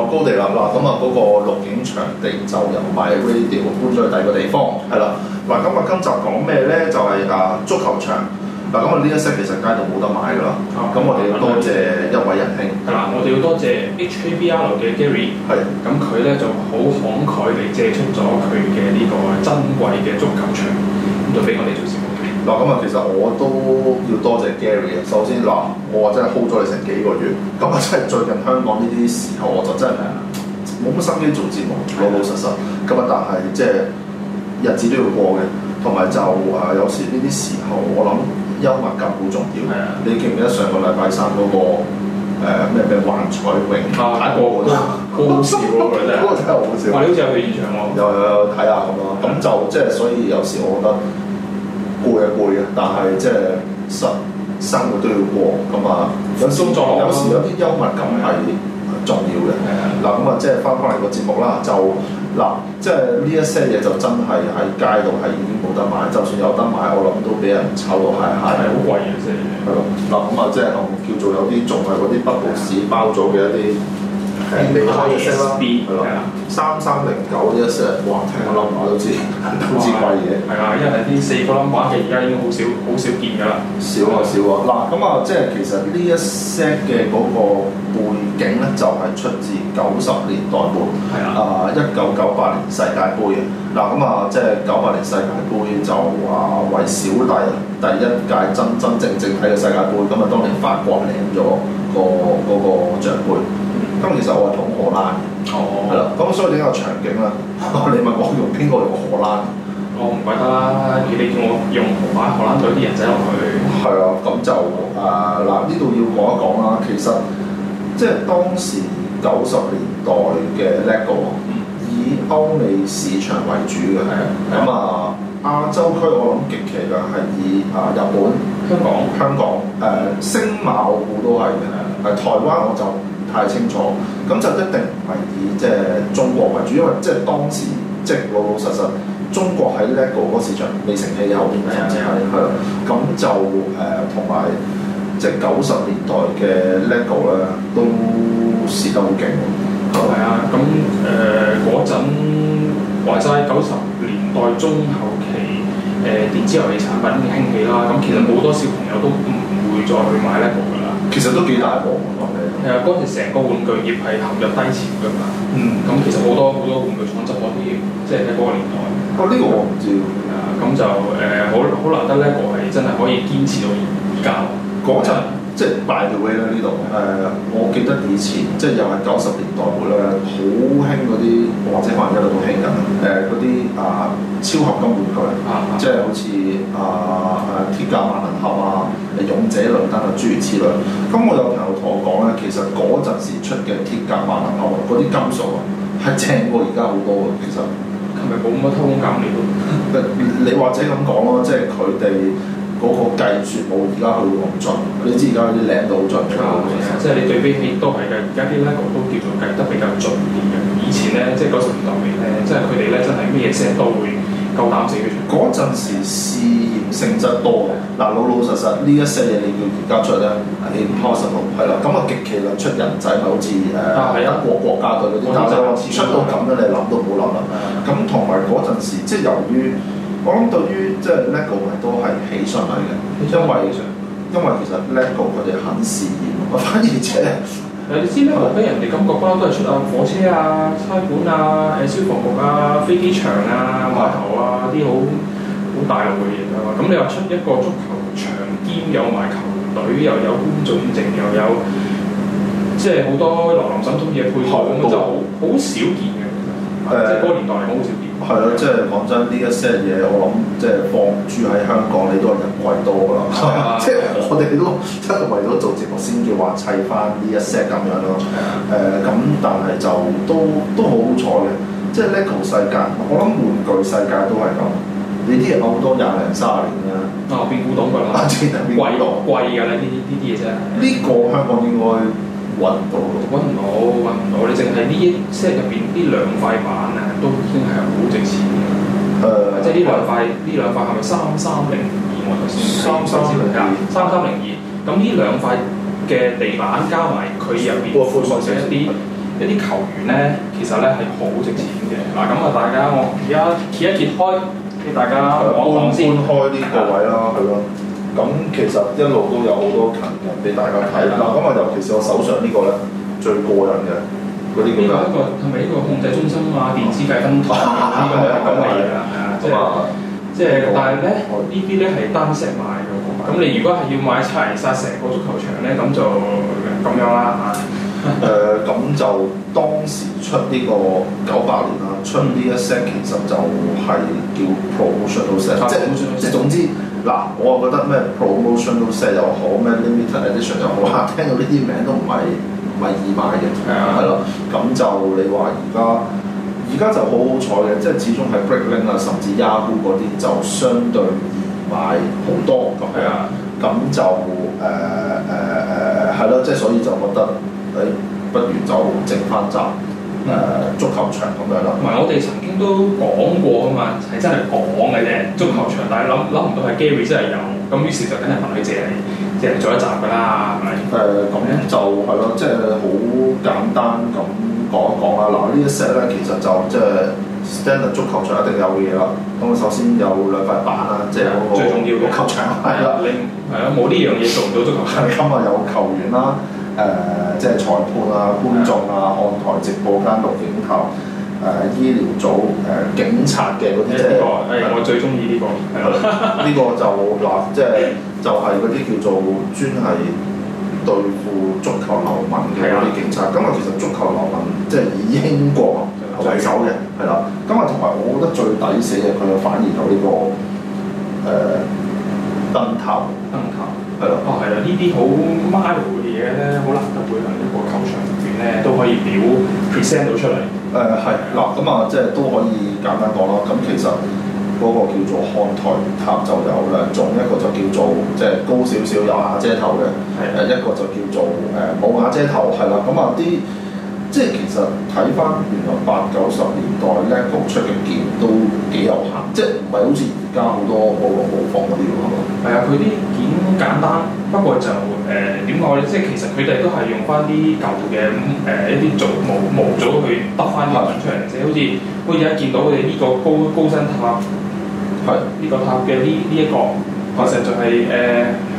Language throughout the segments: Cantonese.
啊、高地樓啦，咁啊嗰、那個錄影場地就由 My Radio 搬咗去第二個地方，係啦。嗱、啊，咁啊今集講咩咧？就係、是、啊足球場。嗱、啊，咁啊呢一 set 其實街度冇得買㗎啦。咁、啊啊、我哋要多謝一位仁兄。嗱、啊，我哋要多謝 HKBL 嘅 Gary 的。係，咁佢咧就好慷慨地借出咗佢嘅呢個珍貴嘅足球場，咁就俾我哋做小。咁啊，其實我都要多謝 Gary 首先，嗱，我真係 hold 咗你成幾個月。咁啊，真係最近香港呢啲時候，我就真係冇乜心機做節目，老老實實。咁啊，但係即係日子都要過嘅。同埋就誒，有時呢啲時候，我諗幽默感好重要。你記唔記得上個禮拜三嗰個咩咩幻彩詠？啊，個個都好笑，真係好笑。你好似去現場又有睇下咁咯。咁就即係所以，有時我覺得。攰啊攰啊，但係即係生生活都要過，咁啊，有時有時有啲幽默感係重要嘅。嗱咁啊，即係翻返嚟個節目啦，就嗱即係呢一些嘢就真係喺街度係已經冇得買，就算有得買，我諗都俾人炒到係係係好貴嘅啫。係咯，嗱咁啊，即係我叫做有啲仲係嗰啲北部市包咗嘅一啲。你可以 set B 係三三零九一 set，哇！聽我諗我都知，哇都知貴嘢。係哇啊，因為呢四個冧巴嘅而家已經好少，好少見㗎啦。少啊少啊！嗱咁啊，即係其實呢一 set 嘅嗰個背景咧，就係出自九十年代末，係的啊，一九九八年世界杯。嘅哇。嗱咁啊，即係九八年世界杯，就是，就、啊、話為小弟，第一屆真真正正睇嘅世界盃。咁啊，當年法國贏咗個嗰個獎杯。咁其實我係同荷蘭哦，係啦，咁所以呢個場景啦，哦、 你問我用邊個用荷蘭？我唔、哦、怪得啦、啊，你你叫我用同埋荷蘭隊啲、嗯、人仔落去。係啊，咁就誒嗱呢度要講一講啦，其實即係當時九十年代嘅 Lego 以歐美市場為主嘅係，咁、嗯、啊亞洲區我諗極期嘅係以啊日本、香港、嗯、香港、誒、啊、星馬澳都係嘅，誒台灣我就係。太清楚，咁就一定唔係以、即係、即係、中國為主，因為即係當時即係老老實實，中國喺 LEGO 嗰個市場未成氣有啲問題，係咯，咁就誒同埋即係九十年代嘅 LEGO 咧，都、嗯、蝕得好勁，係啊，咁誒嗰陣話齋九十年代中後期誒電子遊戲產品嘅興起啦，咁其實好多小朋友都唔會再去買 LEGO 噶啦，其實都幾大鑊。係啊，嗰陣成個玩具業係投入低潮㗎嘛，嗯，咁、嗯、其實好多好多玩具廠執笠都要，即係喺嗰個年代。哦、啊，呢、呢個我唔知。咁、嗯啊、就誒，好、呃、好難得咧，個係真係可以堅持到而家嗰陣。即係 by the way 啦呢度，誒，我記得以前 Okay. 即係又係九十年代末咧，好興嗰啲或者可能一路都興緊，誒，嗰啲啊超合金玩具，Okay. 即係好似啊誒鐵甲萬能俠啊、勇者雷登啊諸如此類。咁我有朋友同我講咧，其實嗰陣時出嘅鐵甲萬能俠嗰啲金屬啊係正過而家好多嘅，其實。係咪冇乜偷工減料？ 你或者咁講咯，即係佢哋。嗰個計算冇，而家去會咁準。你知而家啲領導好㗎，即係你對比起都係嘅，而家啲 LEGO 都叫做計得比較準啲嘅。以前咧，即係九十年代尾，誒，即係佢哋咧，真係咩嘢事都會夠膽自己做。嗰陣、嗯、時試驗性質多嘅。嗱老對吧 老實實呢一些嘢你要而家出咧，你唔 possible 咯，係咯。咁啊極其量出人仔，咪好似誒一個國家隊嗰啲，但係出到咁樣你諗都冇諗啦。咁同埋嗰陣時，即係由於。我諗對於即係 LEGO 係都係起上嚟嘅，因為因為其實 LEGO 佢哋很視野，我反而即係你知啦，的我畀人哋感覺人哋金國包都係出啊火車啊、差館啊、誒消防局啊、飛機場啊、碼頭啊啲好好大路嘅嘢啦，咁你話出一個足球場兼有埋球隊又有觀眾席又有即係好多林林總總嘅配套，咁高就好好少見嘅。誒、嗯，即係嗰年代係好少見。係啊，即係講真，呢一 set 嘢我諗，即係放住喺香港你都係人貴多噶啦 的， 即係我哋都為咗做節目先至話砌翻呢一 set 咁樣咯。誒、呃，咁但係就都都好彩嘅，即係 Lego 世界，我諗玩具世界都係咁。你啲嘢冇多廿零三十年啦、啊。啊、哦，變古董㗎啦， 貴落貴㗎啦，呢啲呢啲嘢啫。呢、呢個香港應該～揾唔到？揾唔到，揾唔到。你淨係呢一 set 入邊呢兩塊板啊，都已經係好值錢嘅。誒、uh,，即係呢兩塊，呢兩塊係咪三三零二，我頭先講三三零二？三三零二。咁呢兩塊嘅地板加埋佢入邊一啲、嗯、一啲球員咧，其實咧係好值錢嘅。嗱的，咁啊，大家我而家揭一揭開，俾大家講講先。半半開啲嘅位啦，係咯。咁其實一路都有好多勤人俾大家睇嗱，咁啊，尤其是我手上呢個咧，最過癮嘅啲咁樣。另一個係咪呢個控制中心啊？電子計分台啲咁嘅嘢啊？係啊，即係即係，但係咧呢啲咧係單石賣嘅。咁你如果係要買齊曬成個足球場咧，咁就咁樣啦。誒，咁就當時出呢個九八年啦，出呢一 set 其實就係叫 promotion 到成。即係總之。嗱，我又覺得咩 promotional set 又好，咩 limited edition 又好，哇、mm！Hmm. 聽到呢啲名都唔係唔係易買嘅。係咯、mm，咁、hmm. 就你話而家而家就好好彩嘅，即係始終喺 BrickLink 啊，甚至 Yahoo 嗰啲就相對易買好多。係啊、mm，咁、hmm. 就誒誒誒，係、呃、咯，即、呃、係所以就覺得誒，不如就整翻集。誒足球場咁樣咯，唔係我哋曾經都講過噶嘛，係真係講嘅啫足球場，但係諗諗唔到係 Gary 真係有，咁於是就梗係問佢借嚟，借嚟做一集㗎啦，係咪？誒咁 就係咯、就是，即係好簡單咁講一講啊！嗱，呢一 set 咧其實就即係 standard 足球場一定有嘅嘢啦。咁首先有兩塊板啦，即係嗰個最重要嘅球場。係啦，你係啊，冇呢樣嘢做唔到足球場。今日 有球員啦。誒、呃，即裁判啊、觀眾啊、嗯、看台直播監控、誒醫療組、誒警察嘅嗰啲即係，呃呃、我最中意呢個。呢個就嗱，即、呃、就係嗰啲叫做專係對付足球流氓嘅嗰啲警察。咁啊、嗯嗯嗯，其實足球流氓已過，即係以英國為首嘅，係啦的。咁啊，同埋、嗯、我覺得最抵死嘅佢啊，反而有呢、這個誒燈頭，燈、呃、頭。呃係咯，啊係啊，呢啲好 mile 嘅嘢咧，好難得會喺一個球場入邊咧都可以表 present 到出嚟。誒係、呃，嗱咁啊，即係都可以簡單講啦。咁其實嗰個叫做看台塔就有兩種，一個就叫做即係、就是、高少少有瓦遮頭嘅，誒的一個就叫做誒冇瓦遮頭，係啦。咁啊啲。即係其實睇翻原來八九十年代 l 高 v 出嘅件都幾有限，即係唔係好似而家好多網絡模仿嗰啲咁。係啊，佢啲件簡單，不過就誒點講咧？即係其實佢哋都係用翻啲舊嘅誒、呃、一啲造模模組去得翻啲嘢出嚟，的即係好似我而家見到佢哋呢個高高新塔，係呢的個塔嘅呢呢一個，其實就係誒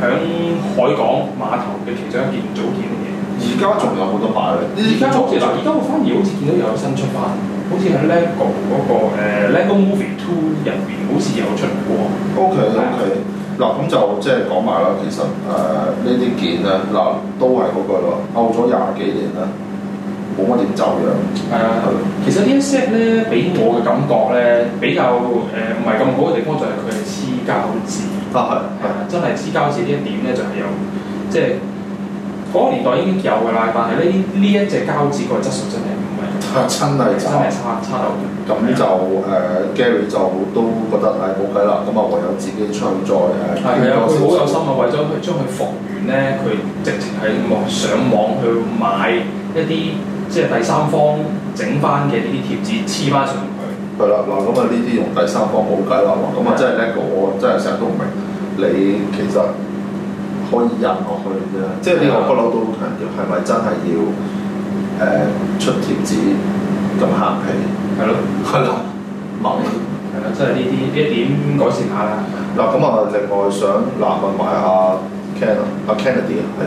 響海港碼頭嘅其中一件組件嘅嘢。而家仲有好多版咧，而家好似嗱，而家我反而好似見到有新出版，好似喺 LEGO 嗰個 LEGO Movie Two 入邊，好似有出過。OK，OK，嗱咁就即係講埋啦。其實誒呢啲件咧，嗱都係嗰句咯，拗咗廿幾年啦，冇乜點走樣。係啊，係啊，其實呢一 set 咧，俾我嘅感覺咧，比較誒唔係咁好嘅地方就係佢係黐膠紙。啊，係係，真係黐膠紙呢一點咧，就係有即係。嗰個年代已經有㗎啦，但係呢呢一隻膠紙個質素，嗯、真係唔係，係真係差，差到咁，就誒 Gary 就都覺得誒冇計啦，咁啊唯有自己出嚟再誒。係啊的，好有心啊，為咗佢將佢復原咧，佢直情喺網上網去買一啲即係第三方整翻嘅呢啲貼紙黐翻上去。係啦，嗱咁啊呢啲用第三方冇計啦，咁啊真係一個我真係成日都唔明你其實。可以入落去啫，即係呢個不嬲都好強調，係咪真係要誒、呃、出貼紙咁慳皮？係咯的，去留問？係咯，即係呢啲一點改善下啦。嗱咁啊，另外想嗱問埋下 Ken 啊 Kennedy 係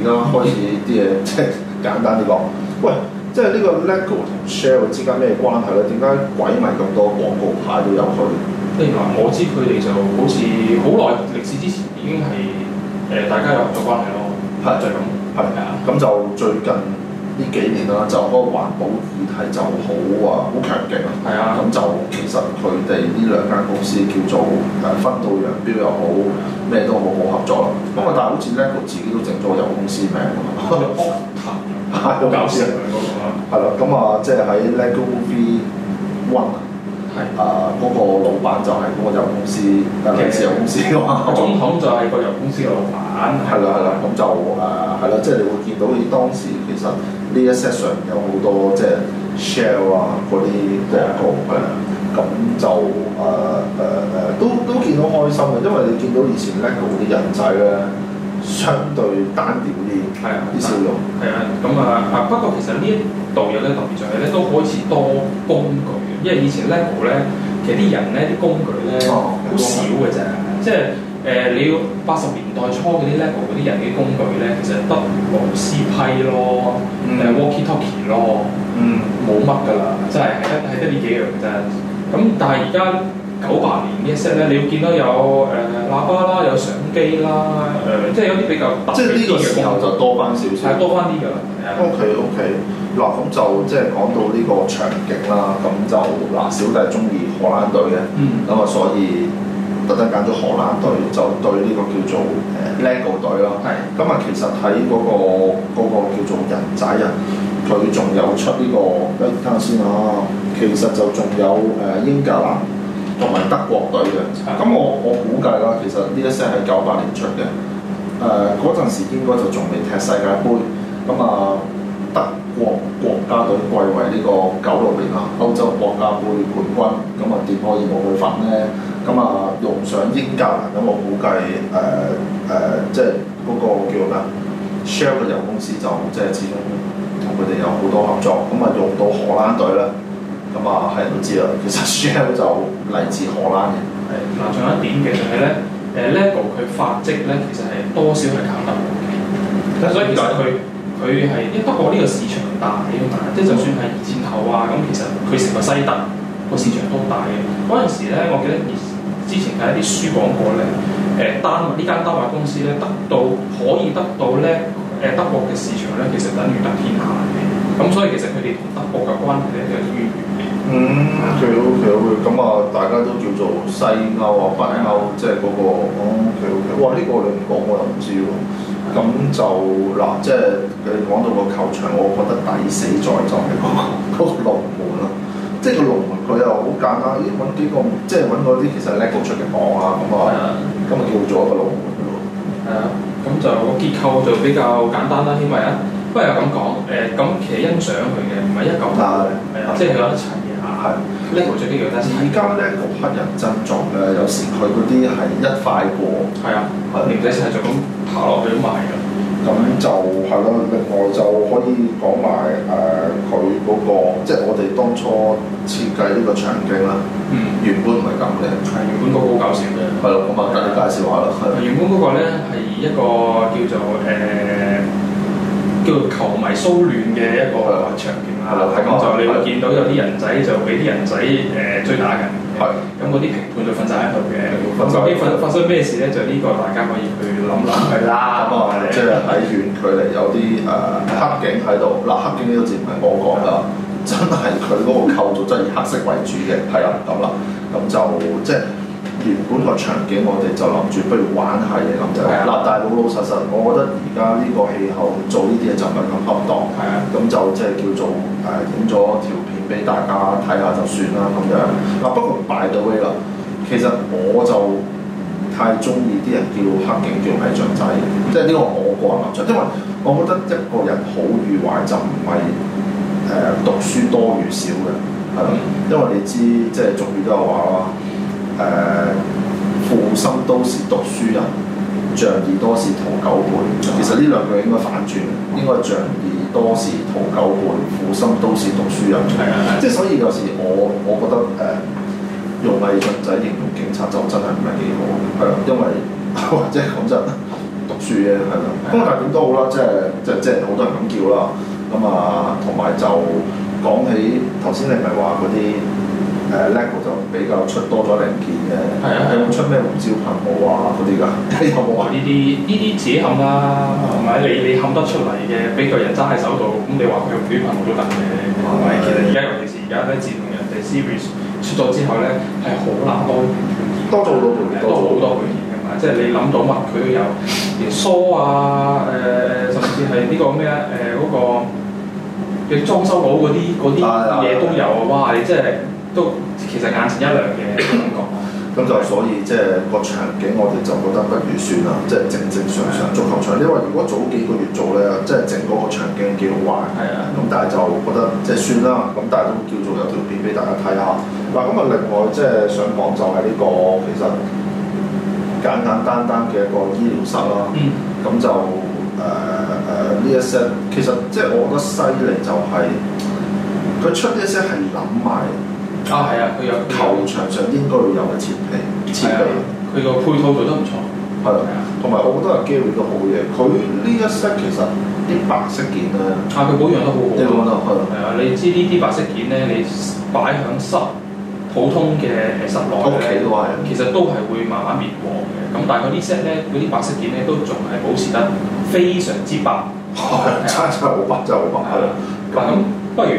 而家開始啲嘢，即 係簡單啲講，喂，即係呢個 LEGO 同 Shell 之間咩關係咧？點解鬼迷咁多廣告牌都有去？原來我知佢哋就好似好耐歷史之前已經係。誒，大家有合作關係咯。係，就係咁，係啊？咁就最近呢幾年啦，就嗰個環保議題就好啊，好強勁。係啊。咁就其實佢哋呢兩間公司叫做誒分道揚鑣又好，咩都好好合作咯。咁啊，但係好似 LEGO 自己都整咗有公司名啊嘛。係，好搞笑啊！嗰係啦，咁啊，即係喺 LEGO One。誒嗰，呃那個老闆就係嗰個油公司，尤其是油公司嘅嘛。 總統就係個油公司嘅老闆。係啦， 係啦，咁就誒係啦，即係，就是，你會見到，你當時其實呢一 session 有好多即係，就是，share 啊嗰啲 dialog 咁就誒誒誒都都見到開心嘅，因為你見到以前 lego 啲人仔咧。相對單調啲，啲笑容。係啊，咁啊啊！不過其實呢一度有啲特別就係咧，都開始多工具。因為以前 LEGO 咧、哦呃，其實啲人咧，啲工具咧，好少嘅啫。即係誒，你要八十年代初嗰啲 LEGO 嗰啲人嘅工具咧，其實得螺絲批咯，誒、嗯、Walkie Talkie 咯，冇乜㗎啦，即係係得係得呢幾樣啫。咁但係而家。九八年嘅 set 咧，你要見到有誒喇叭啦，的有相機啦，誒的，即係有啲比較特別嘅，即係呢個時候就多翻少少，係多翻啲㗎。O.K.O.K. 嗱咁就即係講到呢個場景啦，咁就嗱小弟中意荷蘭隊嘅，咁啊、嗯、所以特登揀咗荷蘭隊，就對呢個叫做誒 LEGO 隊咯。咁啊的，其實喺嗰、那個那個叫做人仔人，佢仲有出呢、這個，等一下先啊，其實就仲有誒、呃、英格蘭。同埋德國隊嘅，咁我我估計啦，其實呢一些係九八年出嘅，誒嗰陣時應該就仲未踢世界盃，咁啊德國國家隊貴為呢個九六年啊歐洲國家杯冠軍，咁啊點可以冇佢份呢？咁啊用上英格蘭，咁我估計誒誒即係嗰個叫咩 Shell 嘅油公司就即係始終同佢哋有好多合作，咁啊用到荷蘭隊啦。咁啊，係人都知啦。其實 Shell 就嚟自荷蘭嘅。係、 嗯。嗱，仲有一點嘅就係、是、咧，誒，Lego 佢發跡咧，其實係多少係靠德國嘅。 所以其實佢佢係， 德國呢個市場大啊大，即係 就，就算係二戰後啊，咁其實佢成個西德個市場都大嘅。嗰陣時咧，我記得之前睇一啲書講過咧，誒，丹麥呢間丹麥公司咧，得到可以得到咧，誒，德國嘅市場咧，其實等於得天下嘅。咁所以其實佢哋同德國嘅關係有啲遠嘅。嗯，最好最好嘅。咁啊，大家都叫做西歐啊、北歐，即係嗰個。嗯，最好最哇，呢個你唔講我又唔知喎。咁就嗱，即係你講到個球場，我覺得抵死在就係嗰個龍門咯。即係個龍門，佢又好簡單，依揾幾個，即係揾嗰啲其實叻哥出嘅網啊。咁啊，咁啊叫咗個龍門咯。係啊，咁就個結構就比較簡單啦，因為啊。不過又咁講，誒咁其實欣賞佢嘅，唔係一嚿沙嘅，即係有一層嘅。啊。係，另外最緊要咧，而家呢個黑人真作咧，有時佢嗰啲係一塊過，係啊，年仔細就咁爬落去都賣㗎。咁就係咯，另外就可以講埋誒佢嗰個，即係我哋當初設計呢個場景啦。原本唔係咁嘅。係原本都好搞笑嘅。係咯，咁啊，跟住介紹下啦。係。原本嗰個咧係一個叫做誒。叫球迷騷亂嘅一個場景啦，咁就你會見到有啲人仔就俾啲人仔誒追打嘅，咁嗰啲評判就瞓晒喺度嘅。咁究竟發生咩事咧？就呢個大家可以去諗諗。係啦、啊，咁我哋即係睇遠距離有啲誒黑警喺度，嗱吧黑警呢吧個字唔係我講啦，真係佢嗰個構造真係以黑色為主嘅，係啦咁啦，咁就即係。原本個場景我哋就諗住不如玩下嘢。咁就的，嗱但係老老實實，我覺得而家呢個氣候做呢啲嘢就唔係咁恰當，咁的就即係叫做誒影咗條片俾大家睇下就算啦咁樣。嗱的、啊、不過 by the way 啦，其實我就太中意啲人叫黑警叫係毅進仔」，即係呢個我個人立場，因為我覺得一個人好與壞就唔係誒讀書多與少嘅，係咯，因為你知即係、就是、俗語都有話啦。誒，負、uh, 心都是讀書人，仗義多是屠狗輩。其實呢兩句應該反轉，應該仗義多是屠狗輩，負心都是讀書人。即係所以有時我我覺得誒，uh, 用毅進仔形容警察就真係唔係幾好。係啊的，因為即係講真，讀書嘅係啦。咁、嗯、但係點都好啦，即係即係即係好多人咁叫啦。咁啊，同埋就講起頭先，你咪係話嗰啲？誒 Lego 就比較出多咗零件嘅，係啊係啊，出咩胡椒噴霧啊嗰啲㗎，咁有冇啊呢啲呢啲自己冚啦，唔係你你冚得出嚟嘅，俾個人揸喺手度，咁你話佢用胡椒噴霧都得嘅，唔係，其實而家尤其是而家咧，自動人哋 service 出咗之後咧，係好難多配件，多到好多配件嘅嘛，即係你諗到乜佢都有，連梳啊誒甚至係呢個咩啊誒嗰個嘅裝修好嗰啲嗰啲嘢都有，哇！你真係～都其實眼前一亮嘅感覺，咁就所以即係個場景，我哋就覺得不如算啦，即係正正常常足球場。因為如果早幾個月做咧，即係整嗰個場景幾好玩，咁係、啊、但係就覺得即係算啦。咁但係都叫做有條片俾大家睇下。嗱，咁啊另外即係想講就係呢個其實簡簡單單嘅一個醫療室啦，嗯呃。咁就誒誒呢一些其實即係我覺得犀利就係佢出呢一些係諗埋。啊，係啊，佢有球場上應該要有應該會有嘅設備，設備。佢個配套做得唔錯。係啊。同埋我覺得有機會都好嘢。佢呢一 set 其實啲白色件咧。啊，佢保養得好好。你望得落去。係啊，你知呢啲白色件咧，你擺響室，普通嘅誒室內咧，其實都係會慢慢變黃嘅。咁但係佢呢 set 咧，啲白色件咧都仲係保持得非常之白。係，真係好白，真係好白。係啊。咁不如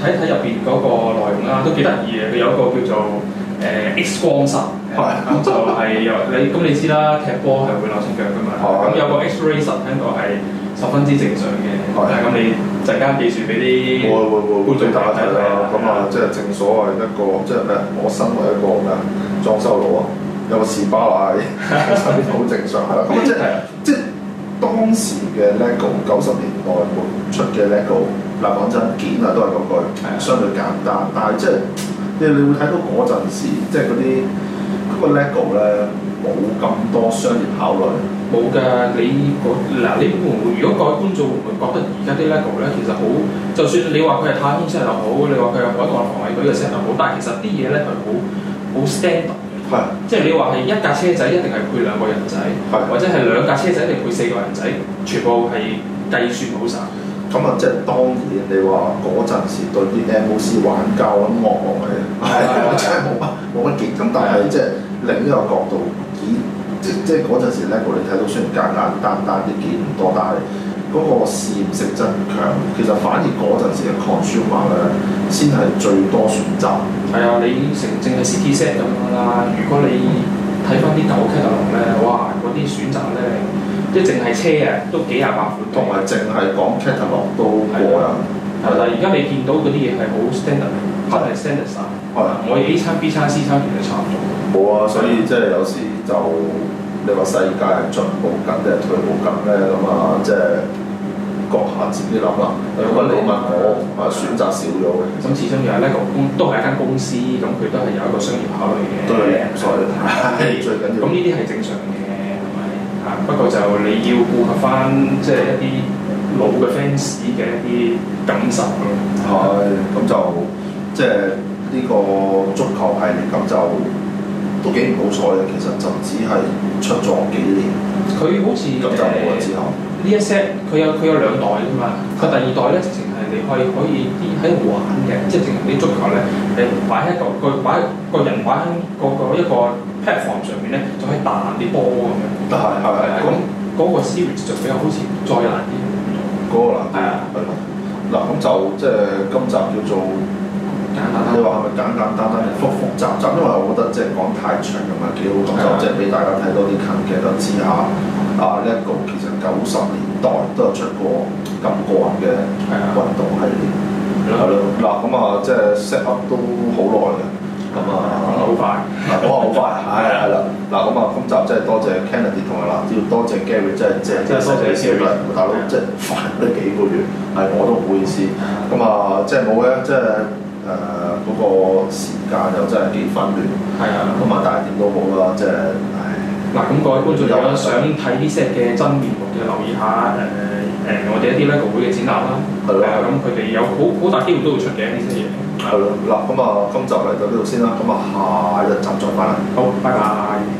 睇睇入邊嗰個內容啦，都幾得意嘅。佢有一個叫做誒 X 光術，就係由你，咁你知啦，踢波係會扭親腳噶嘛。咁有個 X-ray 術聽講係十分之正常嘅。咁你陣間記住俾啲觀眾睇睇咯。咁啊，即係正所謂一個即係咩我身為一個咩啊裝修佬啊，有個士巴拿喺身邊好正常係啦。咁即係即係當時嘅 LEGO，九十年代出嘅 LEGO。嗱講真，件啊都係嗰句，相對簡單，但係即係你你會睇到嗰陣時，即係嗰啲嗰個 LEGO 咧，冇咁多商業考慮。冇㗎，你嗱的你會唔會？如果各位觀眾，會唔會覺得而家啲 LEGO 咧其實好？就算你話佢係太空車又好，你話佢係海外防衞隊嘅車又好。但係其實啲嘢咧佢好好 stand。係的。即係你話係一架車仔一定係配兩個人仔，的或者係兩架車仔一定配四個人仔，全部係計算好晒。咁啊，即係，當然，你話嗰陣時對啲 MOC 玩家咁惡惡嘅，我的 真係冇乜冇乜結。咁的但係即係另一個角度，以即即係嗰陣時 l e 你睇到雖然簡簡單單啲件唔多，但係嗰個試驗性質強，其實反而嗰陣時嘅 c o n s u l e 咧先係最多選擇。係啊，你成正係 City set 咁㗎啦。如果你睇翻啲九級六龍咧，哇，嗰啲選擇咧～即係淨係車啊，都幾廿萬款。同埋淨係講 catalog 都過啦。係的，但而家你見到嗰啲嘢係好 standard，真係 standard。係的，我 A 餐、B 餐、C 餐其實差唔多。冇啊，所以的即係有時就你話世界係進步緊定係退步緊咧咁啊，即係閣下自己諗啦。啊、如果的你問我啊，選擇少咗嘅。咁始終又係呢個公都係一間公司，咁佢都係有一個商業考慮嘅。都係所以、哎、最緊要。咁呢啲係正常。 不過就你要顧及翻即係一啲老嘅 fans 嘅一啲感受咯。哦、嗯，咁就即係呢個足球系列，咁就都幾唔好彩嘅。其實就只係出咗幾年。佢好似咁就冇咗之後。呢、呃、一 set 佢有佢有兩代噶嘛。佢第二代咧，直情係你可以可以啲喺度玩嘅，即係直情啲足球咧，誒擺喺個擺一個擺個人擺喺嗰個一個。即係放上面咧，就可以彈啲波咁樣。得係係係。咁嗰個 series 就比較好似再難啲。嗰個難係。嗱咁就即係今集叫做，你話係咪簡簡單單定複複雜雜？因為我覺得即係講太長又唔係幾好，咁就即係俾大家睇多啲近嘅，都知下啊，呢一個其實九十年代都有出過咁個嘅運動系列。係啊。係咯。嗱咁啊，即係適合都好耐嘅，咁啊。好快、, 啊、快，嗱我話好快，係係啦，嗱咁啊，今集 真係多謝,謝 Kennedy 同埋啦，要多謝,謝 Gary，真係多謝你，大佬，真係煩咗幾個月，係的我都唔好意思，咁啊，即係冇咧，即係誒嗰個時間又真係幾分亂，係啊，同埋但係點都好啦，即係。嗱咁各位觀眾如果有想睇呢 set 嘅真面目嘅，留意下誒。我哋一啲 LEGO 會嘅展覽啦，咁佢哋有好大機會都會出嘅呢啲嘢。係啦的，嗱咁啊，今集嚟到呢度先啦，咁啊，下日集再講啦。好，拜拜。